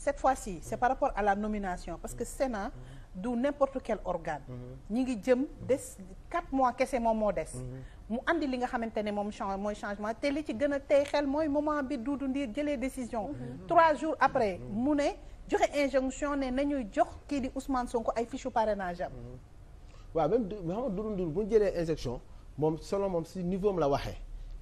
cette fois-ci c'est par rapport à la nomination parce que Sénat du n'importe quel organe mhm. ñi ngi jëm des quatre mois kese moom moo des mhm. mu indi li nga xamante ne moom change mooy changement te li ci gën a tey xel mooy moment bi Doudou Ndir jëlee décision mhm. trois jours après mu ne joxe injonction ne nañuy jox kii di Ousmane Sonko ay fiche parrainage am waaw même xam nga Doudou Ndir bu jëlee injection moom selon moom si niveau am la waxee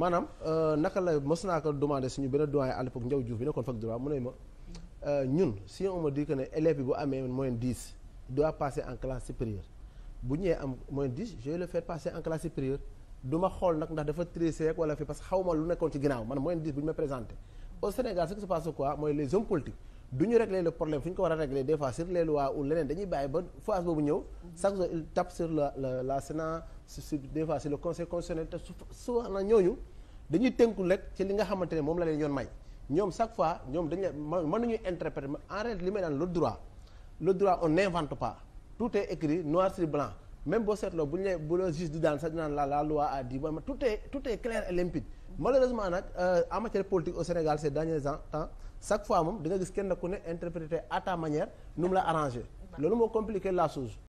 maanaam euh, naka la mos naa ko demandé suñu benn doyen à l'époque Ndiaw bi nekkoon fac droit mu ne ma euh, ñun si on me dit ne élève bi bu amee moyenne dix doit passer en classe supérieure bu ñëwee am moyenne dix je vais le faire passer en classe supérieure du xool nag ndax dafa triché rek wala fi parce que xaw lu nekkoon ci ginnaaw man moyenne dix bu ñu ma présenté au Sénégal ce qui se quoi mooy les hommes du ñu régler le problème fu ñu ko war a régler des fois sur les lois ou la la la Sénat sur des fois sur rek ci li nga xamante ne moom la leen yoon ñoom chaque fois ñoom dañu mën nañuy interpréter en réalité li may naan le droit le droit on n'invente pas tout est écrit boo seetloo bu ñu lay bu la juge di a dit tout est tout est clair malheureusement nag euh, en matière politique au Sénégal ces derniers temps chaque fois moom di nga gis kenn ku ne interpréter à ta manière nu la arrangé loolu moo compliqué la chose